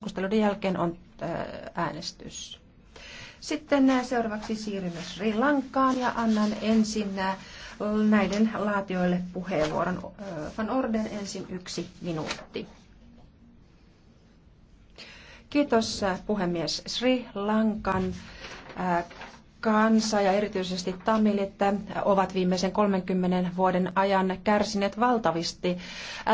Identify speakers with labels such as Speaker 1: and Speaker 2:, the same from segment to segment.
Speaker 1: keskusteluiden jälkeen on äh, äänestys. Sitten äh, seuraavaksi siirrymme Sri Lankaan ja annan ensin äh, näiden laatioille puheenvuoron. Van Orden ensin yksi minuutti. Kiitos puhemies. Sri Lankan kansa ja erityisesti tamilit ovat viimeisen 30 vuoden ajan kärsineet valtavasti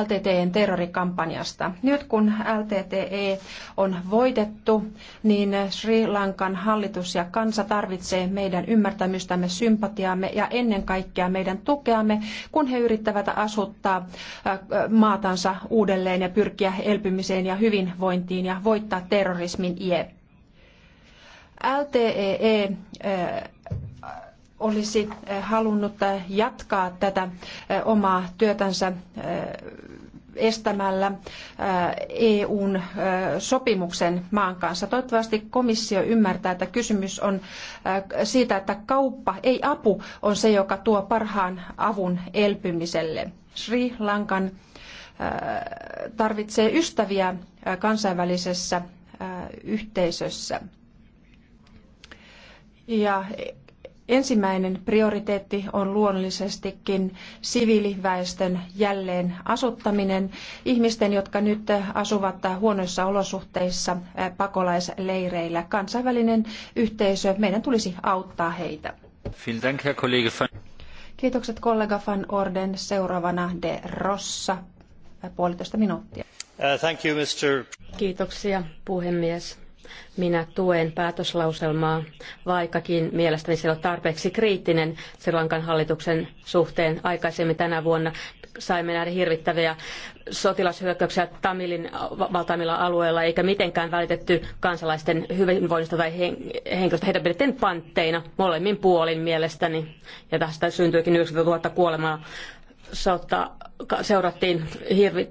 Speaker 1: LTTEn terrorikampanjasta. Nyt kun LTTE on voitettu, niin Sri Lankan hallitus ja kansa tarvitsee meidän ymmärtämystämme, sympatiaamme ja ennen kaikkea meidän tukeamme, kun he yrittävät asuttaa maatansa uudelleen ja pyrkiä elpymiseen ja hyvinvointiin ja voittaa terrorismin iep. LTEE e, äh, olisi äh, halunnut äh, jatkaa tätä omaa työtänsä estämällä EUn sopimuksen maan kanssa. Toivottavasti komissio ymmärtää, että kysymys on siitä, että kauppa, ei apu, on se, joka tuo parhaan avun elpymiselle. Sri Lankan tarvitsee ystäviä kansainvälisessä yhteisössä. Ja ensimmäinen prioriteetti on luonnollisestikin siviiliväestön jälleen asuttaminen ihmisten, jotka nyt asuvat huonoissa olosuhteissa pakolaisleireillä. Kansainvälinen yhteisö, meidän tulisi auttaa heitä. Kiitokset kollega Van Orden. Seuraavana
Speaker 2: De Rossa, puolitoista minuuttia.
Speaker 3: Uh,
Speaker 2: Kiitoksia puhemies minä tuen päätöslauselmaa, vaikkakin mielestäni se on tarpeeksi kriittinen Sri Lankan hallituksen suhteen. Aikaisemmin tänä vuonna saimme nähdä hirvittäviä sotilashyökkäyksiä Tamilin valtaamilla alueilla, eikä mitenkään välitetty kansalaisten hyvinvoinnista tai henkilöstä. Heitä pidettiin pantteina molemmin puolin mielestäni, ja tästä syntyikin 90 000 kuolemaa sotaa seurattiin hirvi,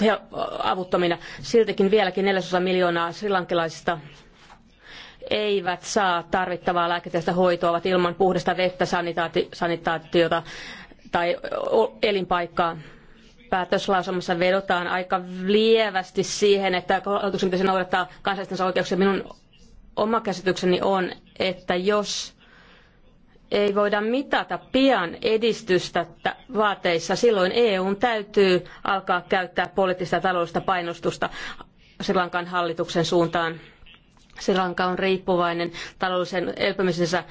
Speaker 2: he, avuttomina. Siltikin vieläkin neljäsosa miljoonaa srilankilaisista eivät saa tarvittavaa lääketieteellistä hoitoa, ovat ilman puhdasta vettä, sanitaati, sanitaatiota tai elinpaikkaa. Päätöslausamassa vedotaan aika lievästi siihen, että hallituksen pitäisi noudattaa kansallisten oikeuksia. Minun oma käsitykseni on, että jos ei voida mitata pian edistystä vaateissa, silloin EUn täytyy alkaa käyttää poliittista ja taloudellista painostusta Sri Lankan hallituksen suuntaan. Sri Lanka on riippuvainen taloudellisen elpymisensä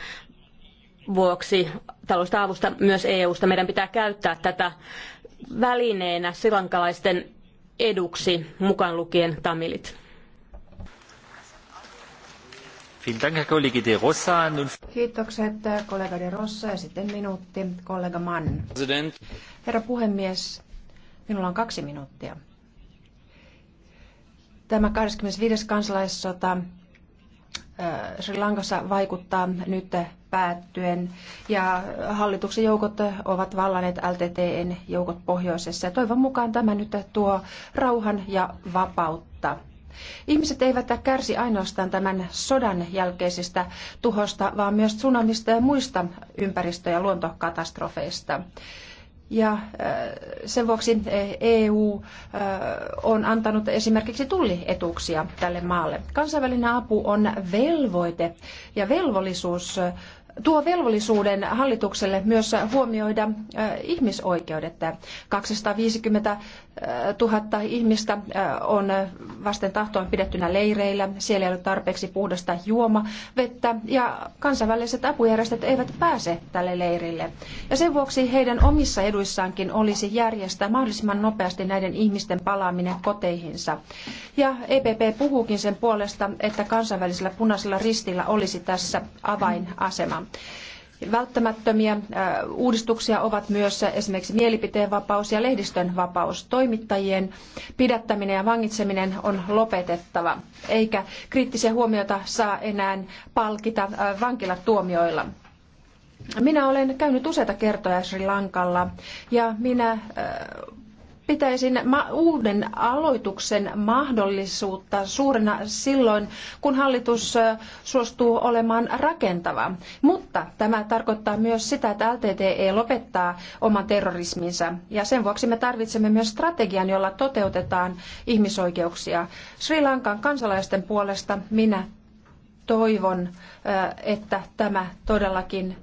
Speaker 2: vuoksi taloudellisesta avusta myös EUsta. Meidän pitää käyttää tätä välineenä silankalaisten eduksi, mukaan lukien tamilit. Kiitokset
Speaker 1: kollega De Rossa ja sitten minuutti kollega Mann. President. Herra puhemies, minulla on kaksi minuuttia. Tämä 25. kansalaissota Sri Lankassa vaikuttaa nyt päättyen ja hallituksen joukot ovat vallanneet LTTn joukot pohjoisessa. Ja toivon mukaan tämä nyt tuo rauhan ja vapautta. Ihmiset eivät kärsi ainoastaan tämän sodan jälkeisestä tuhosta, vaan myös tsunamista ja muista ympäristö- ja luontokatastrofeista. Ja äh, sen vuoksi EU eh, e äh, on antanut esimerkiksi tullietuuksia tälle maalle. Kansainvälinen apu on velvoite ja velvollisuus tuo velvollisuuden hallitukselle myös huomioida ihmisoikeudet. 250 000 ihmistä on vasten tahtoon pidettynä leireillä. Siellä ei ole tarpeeksi puhdasta juomavettä ja kansainväliset apujärjestöt eivät pääse tälle leirille. Ja sen vuoksi heidän omissa eduissaankin olisi järjestää mahdollisimman nopeasti näiden ihmisten palaaminen koteihinsa. Ja EPP puhuukin sen puolesta, että kansainvälisellä punaisella ristillä olisi tässä avainasema. Välttämättömiä äh, uudistuksia ovat myös esimerkiksi mielipiteenvapaus ja lehdistön vapaus. Toimittajien pidättäminen ja vangitseminen on lopetettava, eikä kriittisiä huomiota saa enää palkita äh, vankilatuomioilla. Minä olen käynyt useita kertoja Sri Lankalla ja minä äh, pitäisin uuden aloituksen mahdollisuutta suurena silloin, kun hallitus suostuu olemaan rakentava. Mutta tämä tarkoittaa myös sitä, että LTTE lopettaa oman terrorisminsa. Ja sen vuoksi me tarvitsemme myös strategian, jolla toteutetaan ihmisoikeuksia. Sri Lankan kansalaisten puolesta minä toivon, että tämä todellakin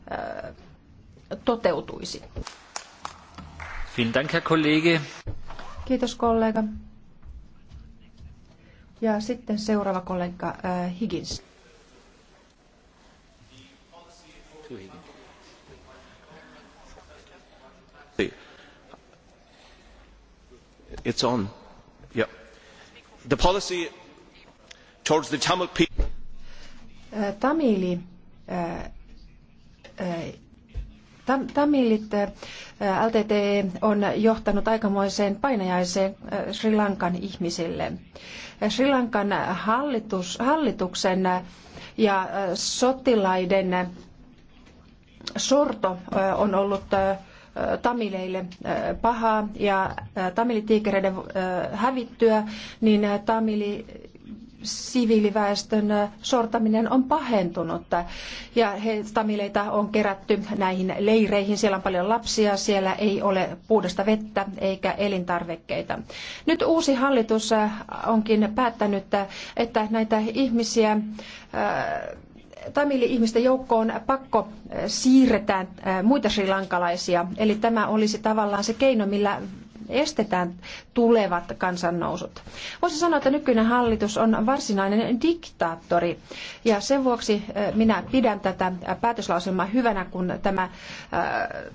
Speaker 1: toteutuisi. Kiitos kollega. Ja sitten seuraava kollega äh, Higgins. It's on. Yeah. The policy towards the Tamil people. Äh, Tamili äh, Tamilit äh, LTT on johtanut aikamoiseen painajaiseen äh, Sri Lankan ihmisille. Äh, Sri Lankan hallitus, hallituksen ja sotilaiden sorto on ollut tamileille pahaa ja tamilitiikereiden hävittyä, niin tamili siviiliväestön sortaminen on pahentunut ja he, tamileita on kerätty näihin leireihin. Siellä on paljon lapsia, siellä ei ole puhdasta vettä eikä elintarvikkeita. Nyt uusi hallitus äh, onkin päättänyt, äh, että näitä ihmisiä äh, tamili-ihmisten joukkoon pakko siirretään muita srilankalaisia. Eli tämä olisi tavallaan se keino, millä estetään tulevat kansannousut. Voisi sanoa, että nykyinen hallitus on varsinainen diktaattori ja sen vuoksi minä pidän tätä päätöslauselmaa hyvänä, kun tämä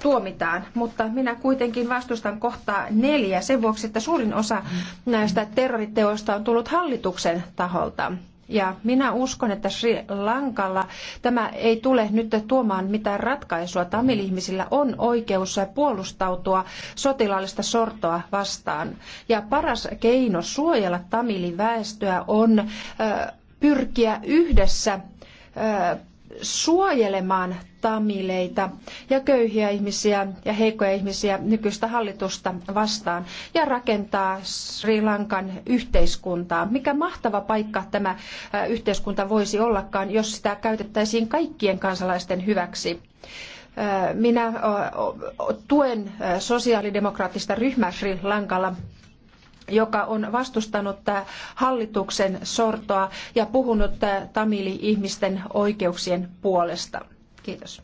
Speaker 1: tuomitaan, mutta minä kuitenkin vastustan kohtaa neljä sen vuoksi, että suurin osa näistä terroriteoista on tullut hallituksen taholta. Ja minä uskon, että Sri Lankalla tämä ei tule nyt tuomaan mitään ratkaisua. Tamil-ihmisillä on oikeus puolustautua sotilaallista sortoa vastaan. Ja paras keino suojella tamiliväestöä on pyrkiä yhdessä suojelemaan tamileita ja köyhiä ihmisiä ja heikkoja ihmisiä nykyistä hallitusta vastaan ja rakentaa Sri Lankan yhteiskuntaa. Mikä mahtava paikka tämä yhteiskunta voisi ollakaan, jos sitä käytettäisiin kaikkien kansalaisten hyväksi. Minä tuen sosiaalidemokraattista ryhmää Sri Lankalla joka on vastustanut hallituksen sortoa ja puhunut tamili-ihmisten oikeuksien puolesta. Kiitos.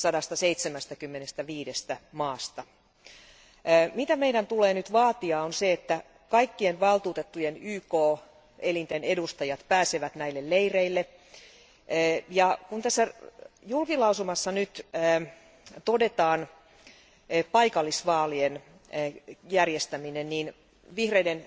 Speaker 4: sataseitsemänkymmentäviisi maasta. mitä meidän tulee nyt vaatia on se että kaikkien valtuutettujen yk elinten edustajat pääsevät näille leireille ja kun tässä julkilausumassa nyt todetaan paikallisvaalien järjestäminen niin vihreiden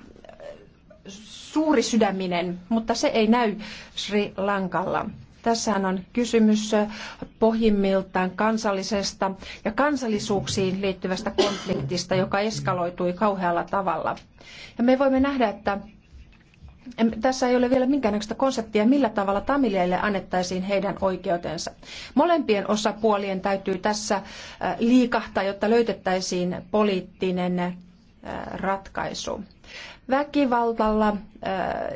Speaker 1: suuri sydäminen, mutta se ei näy Sri Lankalla. Tässä on kysymys pohjimmiltaan kansallisesta ja kansallisuuksiin liittyvästä konfliktista, joka eskaloitui kauhealla tavalla. Ja me voimme nähdä, että tässä ei ole vielä minkäännäköistä konseptia, millä tavalla tamileille annettaisiin heidän oikeutensa. Molempien osapuolien täytyy tässä liikahtaa, jotta löytettäisiin poliittinen ratkaisu. Väkivallalla äh,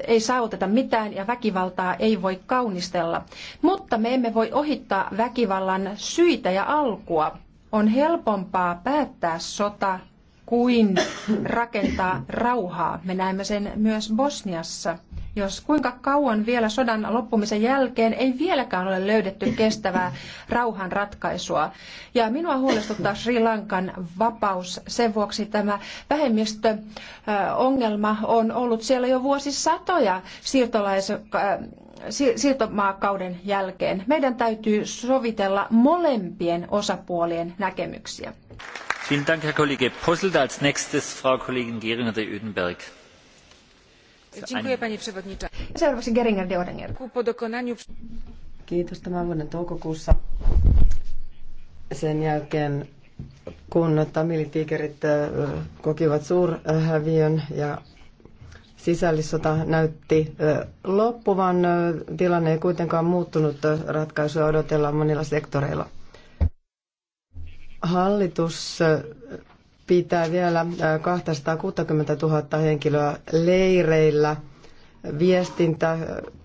Speaker 1: ei saavuteta mitään ja väkivaltaa ei voi kaunistella, mutta me emme voi ohittaa väkivallan syitä ja alkua. On helpompaa päättää sota kuin rakentaa rauhaa. Me näemme sen myös Bosniassa jos kuinka kauan vielä sodan loppumisen jälkeen ei vieläkään ole löydetty kestävää rauhan ratkaisua. Ja minua huolestuttaa Sri Lankan vapaus. Sen vuoksi tämä vähemmistöongelma on ollut siellä jo vuosisatoja siirtolais- äh, siirtomaakauden jälkeen. Meidän täytyy sovitella molempien osapuolien näkemyksiä.
Speaker 3: Vielen Dank, Herr Kollege Posselt. Als nächstes Frau Kollegin Geringer de Ödenberg.
Speaker 1: Seuraavaksi Geringer de
Speaker 5: Kiitos tämän vuoden toukokuussa. Sen jälkeen, kun tamilitiikerit kokivat suurhäviön ja sisällissota näytti loppuvan, tilanne ei kuitenkaan muuttunut, ratkaisuja odotellaan monilla sektoreilla. Hallitus pitää vielä 260 000 henkilöä leireillä. Viestintä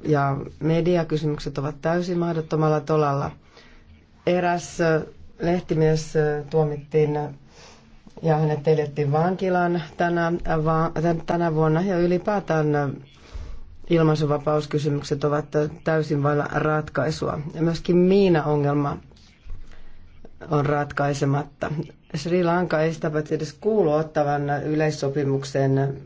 Speaker 5: ja mediakysymykset ovat täysin mahdottomalla tolalla. Eräs lehtimies tuomittiin ja hänet teljettiin vankilaan tänä, va, tänä vuonna ja ylipäätään ilmaisuvapauskysymykset ovat täysin vailla ratkaisua. Ja myöskin miina-ongelma on ratkaisematta. Sri Lanka ei sitä paitsi edes kuulu ottavan yleissopimuksen.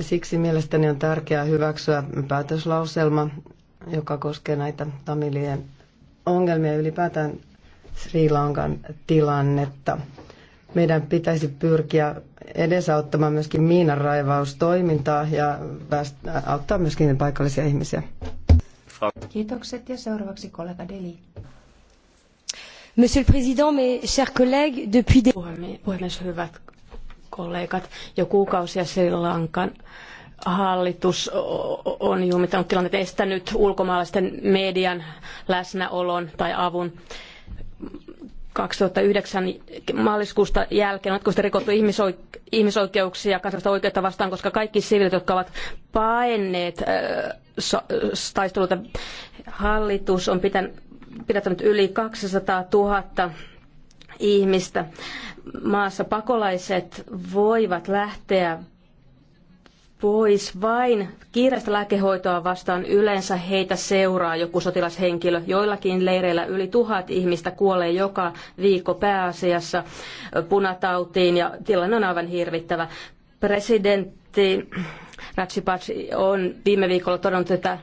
Speaker 5: Siksi mielestäni on tärkeää hyväksyä päätöslauselma, joka koskee näitä tamilien ongelmia ylipäätään Sri Lankan tilannetta. Meidän pitäisi pyrkiä edesauttamaan myöskin miinanraivaustoimintaa ja auttaa myöskin paikallisia ihmisiä.
Speaker 1: Kiitokset ja seuraavaksi kollega Deli.
Speaker 5: Monsieur le Président, mes chers collègues, depuis des...
Speaker 2: Puhemies, hyvät kollegat, jo kuukausia Sri Lankan hallitus on jumittanut tilanteet estänyt ulkomaalaisten median läsnäolon tai avun. 2009 maaliskuusta jälkeen on jatkuvasti rikottu ihmisoik- ihmisoikeuksia kansallista oikeutta vastaan, koska kaikki sivilit, jotka ovat paenneet äh, so- taistelulta, hallitus on pitänyt pidättänyt yli 200 000 ihmistä. Maassa pakolaiset voivat lähteä pois vain kiireistä lääkehoitoa vastaan yleensä heitä seuraa joku sotilashenkilö. Joillakin leireillä yli tuhat ihmistä kuolee joka viikko pääasiassa punatautiin ja tilanne on aivan hirvittävä. Presidentti Ratsipac on viime viikolla todennut, että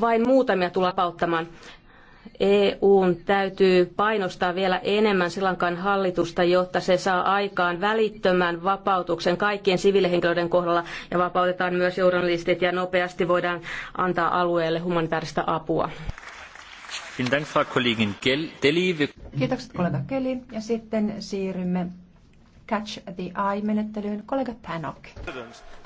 Speaker 2: vain muutamia tulee vapauttamaan. EUn täytyy painostaa vielä enemmän Silankan hallitusta, jotta se saa aikaan välittömän vapautuksen kaikkien siviilihenkilöiden kohdalla ja vapautetaan myös journalistit ja nopeasti voidaan antaa alueelle humanitaarista apua. Kiitokset
Speaker 1: kollega Kelly ja sitten siirrymme Catch the Eye-menettelyyn. Kollega Tanok.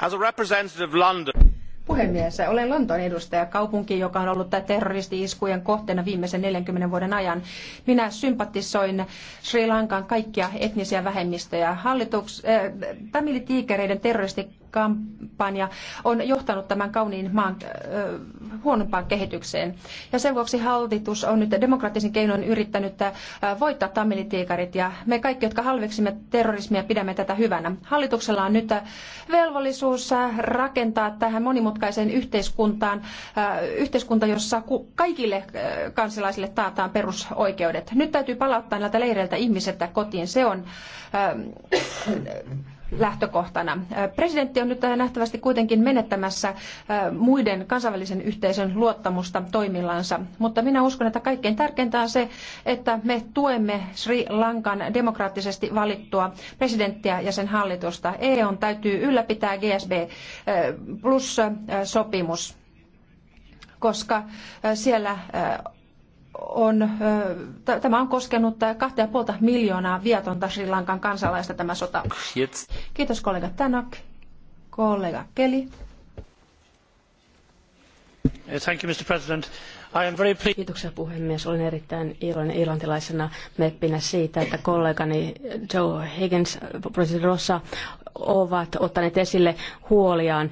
Speaker 4: As a representative London
Speaker 1: puhemies. Olen Lontoon edustaja, kaupunki, joka on ollut terroristi-iskujen kohteena viimeisen 40 vuoden ajan. Minä sympatisoin Sri Lankan kaikkia etnisiä vähemmistöjä. Hallituks, äh, eh, tamilitiikereiden terroristi kampanja on johtanut tämän kauniin maan äh, huonompaan kehitykseen. Ja sen vuoksi hallitus on nyt demokraattisen keinoin yrittänyt äh, voittaa tamilitiikarit ja me kaikki, jotka halveksimme terrorismia, pidämme tätä hyvänä. Hallituksella on nyt äh, velvollisuus rakentaa tähän monimutkaiseen yhteiskuntaan yhteiskunta, jossa kaikille kansalaisille taataan perusoikeudet. Nyt täytyy palauttaa näiltä leireiltä ihmiset kotiin. Se on ähm, lähtökohtana. Presidentti on nyt nähtävästi kuitenkin menettämässä muiden kansainvälisen yhteisön luottamusta toimillansa, mutta minä uskon, että kaikkein tärkeintä on se, että me tuemme Sri Lankan demokraattisesti valittua presidenttiä ja sen hallitusta. EU täytyy ylläpitää GSB plus sopimus koska siellä on, tämä on koskenut 2,5 miljoonaa viatonta Sri Lankan kansalaista tämä sota. Kiitos, Kiitos kollega Tanak. Kollega
Speaker 2: Keli.
Speaker 3: Uh, thank you, Mr. President. I am very
Speaker 2: Kiitoksia puhemies. Olen erittäin iloinen irlantilaisena meppinä siitä, että kollegani Joe Higgins, presidentti Rossa, ovat ottaneet esille huoliaan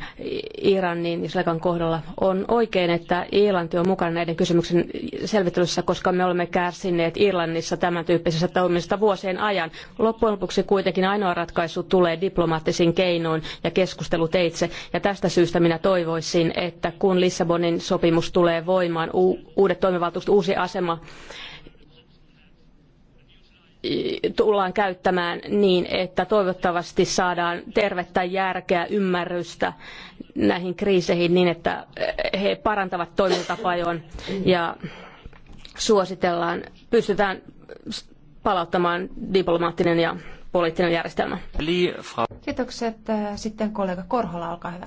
Speaker 2: Iranin ja Selekan kohdalla. On oikein, että Irlanti on mukana näiden kysymyksen selvittelyssä, koska me olemme kärsineet Irlannissa tämän tyyppisestä toiminnasta vuosien ajan. Loppujen lopuksi kuitenkin ainoa ratkaisu tulee diplomaattisin keinoin ja keskusteluteitse. Ja tästä syystä minä toivoisin, että kun Lissabonin sopimus tulee voimaan, uudet toimivaltuudet, uusi asema, tullaan käyttämään niin, että toivottavasti saadaan tervettä järkeä, ymmärrystä näihin kriiseihin niin, että eh, he parantavat toimintapajon ja suositellaan, pystytään palauttamaan diplomaattinen ja poliittinen järjestelmä. Kiitokset. Eh, sitten
Speaker 1: kollega Korhola, olkaa hyvä.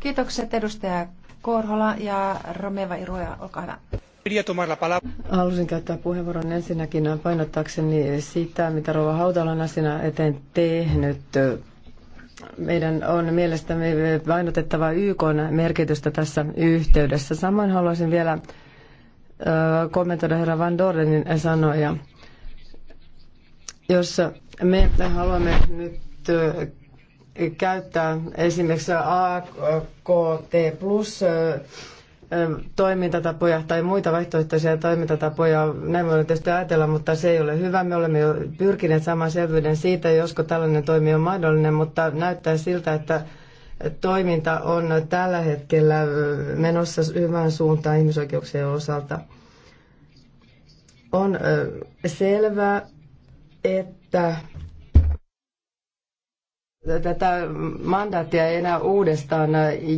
Speaker 1: Kiitokset edustaja Korhola ja Romeva Iruja, olkaa hyvä.
Speaker 5: Haluaisin käyttää puheenvuoron ensinnäkin painottaakseni sitä, mitä Rova Hautala on asian eteen tehnyt. Meidän on mielestämme painotettava YK merkitystä tässä yhteydessä. Samoin haluaisin vielä kommentoida herra Van Dorenin sanoja. Jos me haluamme nyt käyttää esimerkiksi AKT plus toimintatapoja tai muita vaihtoehtoisia toimintatapoja, näin voidaan tietysti ajatella, mutta se ei ole hyvä. Me olemme jo pyrkineet saamaan selvyyden siitä, josko tällainen toimi on mahdollinen, mutta näyttää siltä, että toiminta on tällä hetkellä menossa hyvään suuntaan ihmisoikeuksien osalta. On selvää, että tätä mandaattia ei enää uudestaan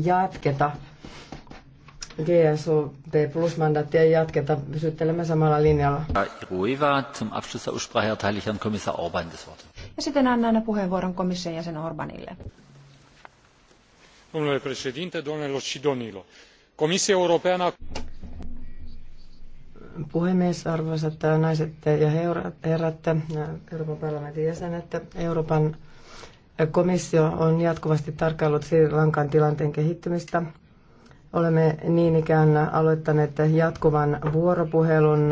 Speaker 5: jatketa. GSOP Plus-mandaattia ei jatketa. Pysyttelemme samalla linjalla.
Speaker 1: Ja sitten annan puheenvuoron komission jäsen Orbanille.
Speaker 3: președinte,
Speaker 5: Puhemies, arvoisat naiset ja herrat, Euroopan parlamentin jäsenet, Euroopan Komissio on jatkuvasti tarkkaillut Sri Lankan tilanteen kehittymistä. Olemme niin ikään aloittaneet jatkuvan vuoropuhelun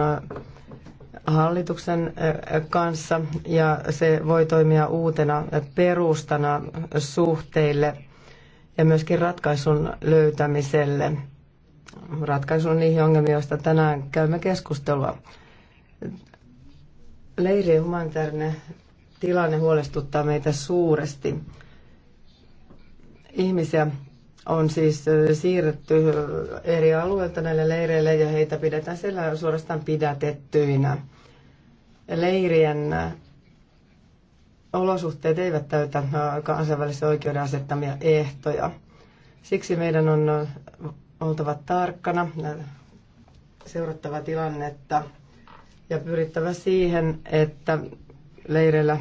Speaker 5: hallituksen kanssa ja se voi toimia uutena perustana suhteille ja myöskin ratkaisun löytämiselle. Ratkaisun niihin ongelmiin, joista tänään käymme keskustelua. Leiri humanitaarinen tilanne huolestuttaa meitä suuresti. Ihmisiä on siis siirretty eri alueilta näille leireille ja heitä pidetään siellä suorastaan pidätettyinä. Leirien olosuhteet eivät täytä kansainvälisen oikeuden asettamia ehtoja. Siksi meidän on oltava tarkkana, seurattava tilannetta ja pyrittävä siihen, että leireillä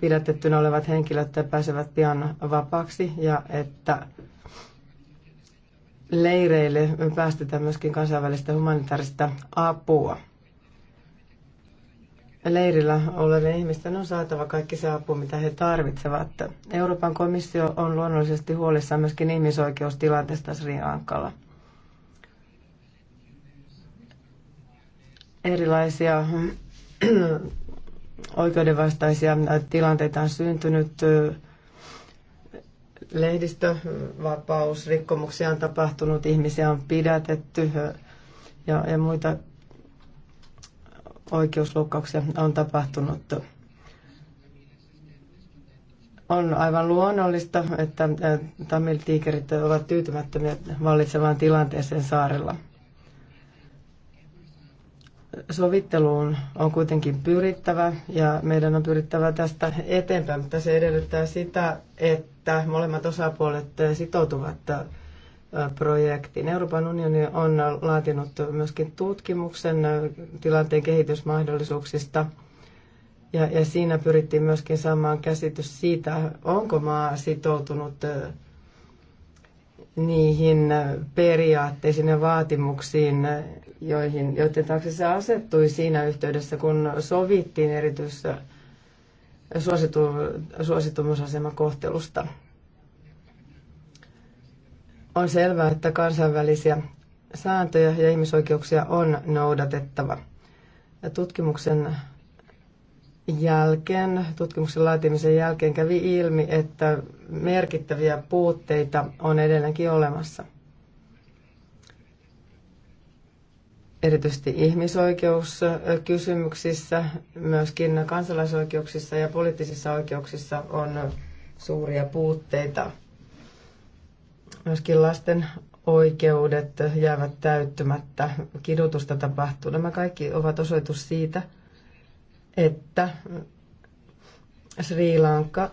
Speaker 5: pidätettynä olevat henkilöt pääsevät pian vapaaksi ja että leireille päästetään myöskin kansainvälistä humanitaarista apua. Leirillä olevien ihmisten on saatava kaikki se apu, mitä he tarvitsevat. Euroopan komissio on luonnollisesti huolissaan myöskin ihmisoikeustilanteesta Sri Lankalla. Erilaisia oikeudenvastaisia tilanteita on syntynyt. Lehdistövapausrikkomuksia on tapahtunut, ihmisiä on pidätetty ja, ja muita oikeusloukkauksia on tapahtunut. On aivan luonnollista, että tamiltiikerit ovat tyytymättömiä vallitsevaan tilanteeseen saarella sovitteluun on kuitenkin pyrittävä ja meidän on pyrittävä tästä eteenpäin, mutta se edellyttää sitä, että molemmat osapuolet sitoutuvat äh, projektiin. Euroopan unioni on laatinut myöskin tutkimuksen äh, tilanteen kehitysmahdollisuuksista ja, ja siinä pyrittiin myöskin saamaan käsitys siitä, onko maa sitoutunut äh, niihin periaatteisiin ja vaatimuksiin, joihin, joiden taakse se asettui siinä yhteydessä, kun sovittiin erityistä suositu, suositumusasemakohtelusta. On selvää, että kansainvälisiä sääntöjä ja ihmisoikeuksia on noudatettava. Ja tutkimuksen jälkeen, tutkimuksen laatimisen jälkeen kävi ilmi, että merkittäviä puutteita on edelleenkin olemassa. Erityisesti ihmisoikeuskysymyksissä, myöskin kansalaisoikeuksissa ja poliittisissa oikeuksissa on suuria puutteita. Myöskin lasten oikeudet jäävät täyttymättä, kidutusta tapahtuu. Nämä kaikki ovat osoitus siitä, että Sri Lanka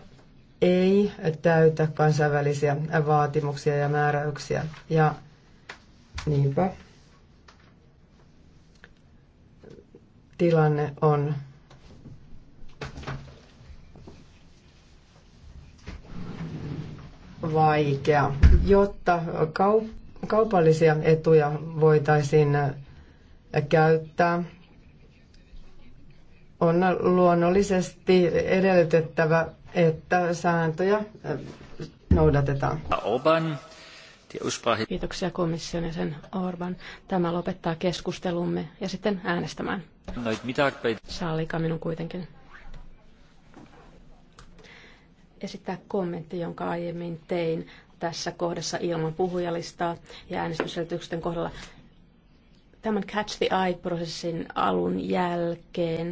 Speaker 5: ei täytä kansainvälisiä vaatimuksia ja määräyksiä. Ja niinpä tilanne on vaikea. Jotta kaupallisia etuja voitaisiin käyttää, on luonnollisesti edellytettävä että sääntöjä äh, noudatetaan.
Speaker 3: Oban.
Speaker 2: Kiitoksia komission ja sen Orban. Tämä lopettaa keskustelumme ja sitten äänestämään. Sallika minun kuitenkin esittää kommentti, jonka aiemmin tein tässä kohdassa ilman puhujalistaa ja äänestysselitysten kohdalla. Tämän Catch the Eye-prosessin alun jälkeen